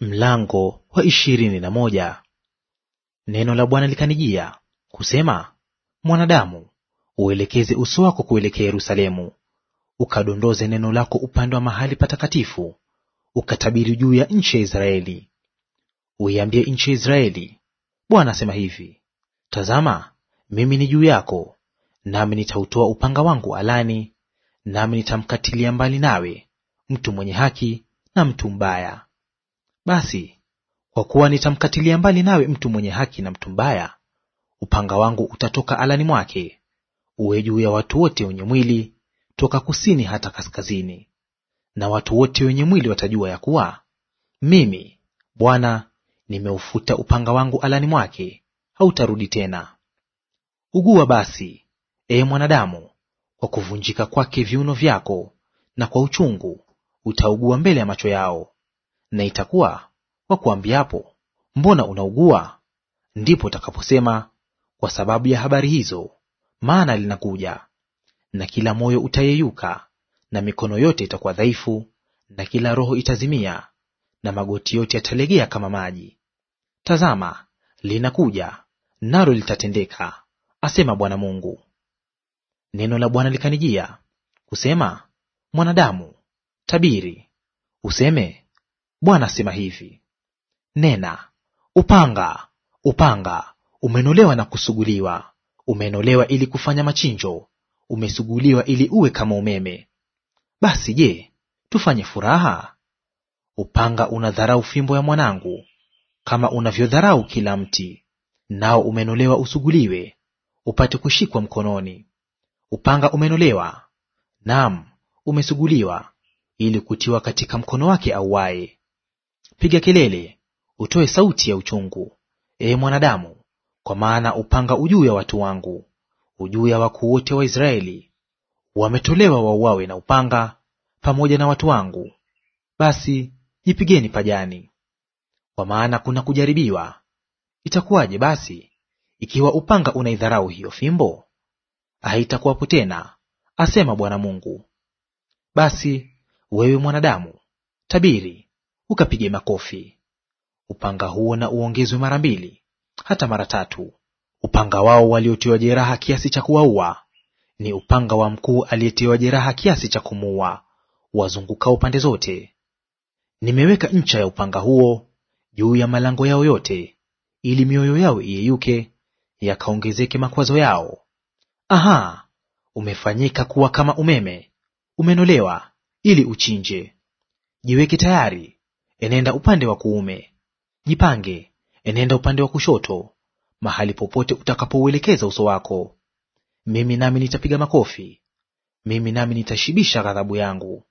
Mlango wa ishirini na moja. Neno la Bwana likanijia kusema, mwanadamu, uelekeze uso wako kuelekea Yerusalemu, ukadondoze neno lako upande wa mahali patakatifu, ukatabiri juu ya nchi ya Israeli. Uiambie nchi ya Israeli, Bwana asema hivi, tazama, mimi ni juu yako, nami nitautoa upanga wangu alani, nami nitamkatilia mbali nawe mtu mwenye haki na mtu mbaya basi kwa kuwa nitamkatilia mbali nawe mtu mwenye haki na mtu mbaya, upanga wangu utatoka alani mwake, uwe juu ya watu wote wenye mwili toka kusini hata kaskazini. Na watu wote wenye mwili watajua ya kuwa mimi Bwana nimeufuta upanga wangu alani mwake, hautarudi tena. Ugua basi, ee mwanadamu, kwa kuvunjika kwake viuno vyako, na kwa uchungu utaugua mbele ya macho yao, na itakuwa wakuambiapo, mbona unaugua? Ndipo utakaposema kwa sababu ya habari hizo, maana linakuja. Na kila moyo utayeyuka, na mikono yote itakuwa dhaifu, na kila roho itazimia, na magoti yote yatalegea kama maji. Tazama, linakuja, nalo litatendeka, asema Bwana Mungu. Neno la Bwana likanijia kusema, mwanadamu, tabiri useme Bwana asema hivi, nena upanga, upanga umenolewa na kusuguliwa, umenolewa ili kufanya machinjo, umesuguliwa ili uwe kama umeme. Basi je, tufanye furaha? Upanga unadharau fimbo ya mwanangu, kama unavyodharau kila mti. Nao umenolewa usuguliwe, upate kushikwa mkononi. Upanga umenolewa, naam, umesuguliwa, ili kutiwa katika mkono wake auaye piga kelele, utoe sauti ya uchungu, ee mwanadamu, kwa maana upanga ujuu ya watu wangu, ujuu ya wakuu wote wa Israeli; wametolewa wauawe na upanga pamoja na watu wangu. Basi jipigeni pajani, kwa maana kuna kujaribiwa. Itakuwaje basi ikiwa upanga unaidharau hiyo fimbo? Haitakuwapo tena, asema Bwana Mungu. Basi wewe mwanadamu, tabiri ukapige makofi. Upanga huo na uongezwe mara mbili, hata mara tatu. Upanga wao waliotiwa jeraha kiasi cha kuwaua ni upanga wa mkuu aliyetiwa jeraha kiasi cha kumuua, wazungukao pande zote. Nimeweka ncha ya upanga huo juu ya malango yao yote, ili mioyo yao iyeyuke, yakaongezeke makwazo yao. Aha, umefanyika kuwa kama umeme, umenolewa ili uchinje. Jiweke tayari enenda upande wa kuume; jipange, enenda upande wa kushoto, mahali popote utakapouelekeza uso wako. Mimi nami nitapiga makofi, mimi nami nitashibisha ghadhabu yangu.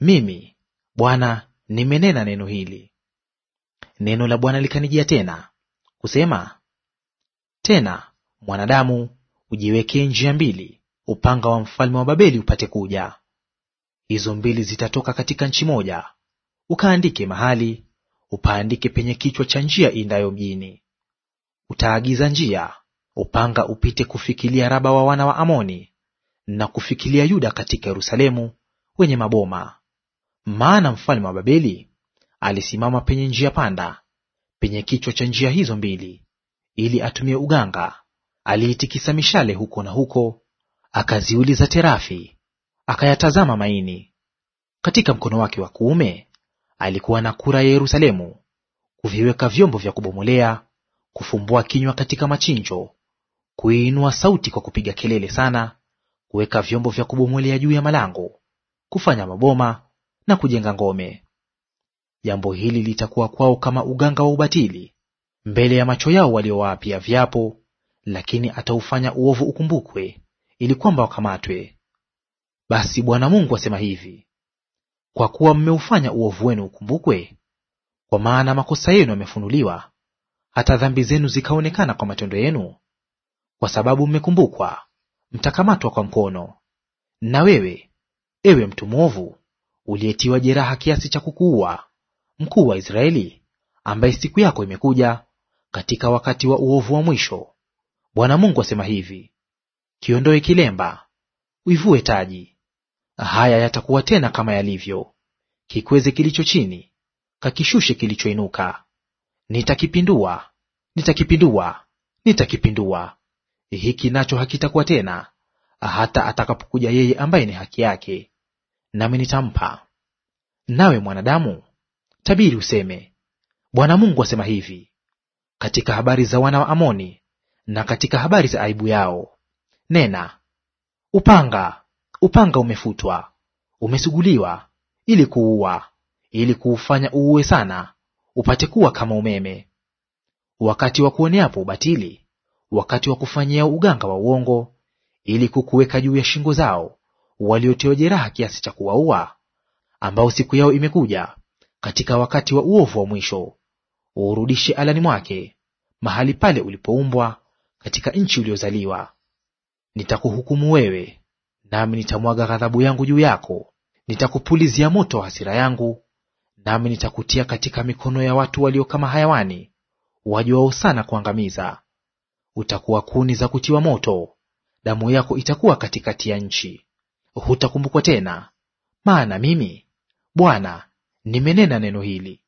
Mimi Bwana nimenena neno hili. Neno la Bwana likanijia tena kusema, tena mwanadamu, ujiwekee njia mbili, upanga wa mfalme wa Babeli upate kuja. Hizo mbili zitatoka katika nchi moja, ukaandike mahali, upaandike penye kichwa cha njia iendayo mjini. Utaagiza njia, upanga upite kufikilia Raba wa wana wa Amoni, na kufikilia Yuda katika Yerusalemu wenye maboma. Maana mfalme wa Babeli alisimama penye njia panda, penye kichwa cha njia hizo mbili, ili atumie uganga; aliitikisa mishale huko na huko, akaziuliza terafi, akayatazama maini. Katika mkono wake wa kuume alikuwa na kura ya Yerusalemu, kuviweka vyombo vya kubomolea, kufumbua kinywa katika machinjo, kuiinua sauti kwa kupiga kelele sana, kuweka vyombo vya kubomolea juu ya malango, kufanya maboma na kujenga ngome. Jambo hili litakuwa kwao kama uganga wa ubatili mbele ya macho yao waliowaapia viapo, lakini ataufanya uovu ukumbukwe, ili kwamba wakamatwe. Basi Bwana Mungu asema hivi: kwa kuwa mmeufanya uovu wenu ukumbukwe, kwa maana makosa yenu yamefunuliwa, hata dhambi zenu zikaonekana kwa matendo yenu. Kwa sababu mmekumbukwa, mtakamatwa kwa mkono. Na wewe, ewe mtu mwovu, uliyetiwa jeraha kiasi cha kukuua, mkuu wa Israeli, ambaye siku yako imekuja katika wakati wa uovu wa mwisho, Bwana Mungu asema hivi: kiondoe kilemba, uivue taji, haya yatakuwa tena kama yalivyo. Kikweze kilicho chini, kakishushe kilichoinuka. Nitakipindua, nitakipindua, nitakipindua. Hiki nacho hakitakuwa tena, hata atakapokuja yeye ambaye ni haki yake, nami nitampa. Nawe mwanadamu, tabiri useme, Bwana Mungu asema hivi katika habari za wana wa Amoni na katika habari za aibu yao, nena, upanga Upanga umefutwa, umesuguliwa ili kuua, ili kuufanya uue sana, upate kuwa kama umeme. Wakati wa kuoneapo ubatili, wakati wa kufanyia uganga wa uongo, ili kukuweka juu ya shingo zao waliotiwa jeraha kiasi cha kuwaua, ambao siku yao imekuja katika wakati wa uovu wa mwisho, uurudishe alani mwake, mahali pale ulipoumbwa, katika nchi uliozaliwa. Nitakuhukumu wewe nami nitamwaga ghadhabu yangu juu yako, nitakupulizia moto hasira yangu, nami nitakutia katika mikono ya watu walio kama hayawani wajuao sana kuangamiza. Utakuwa kuni za kutiwa moto, damu yako itakuwa katikati ya nchi, hutakumbukwa tena. Maana mimi Bwana nimenena neno hili.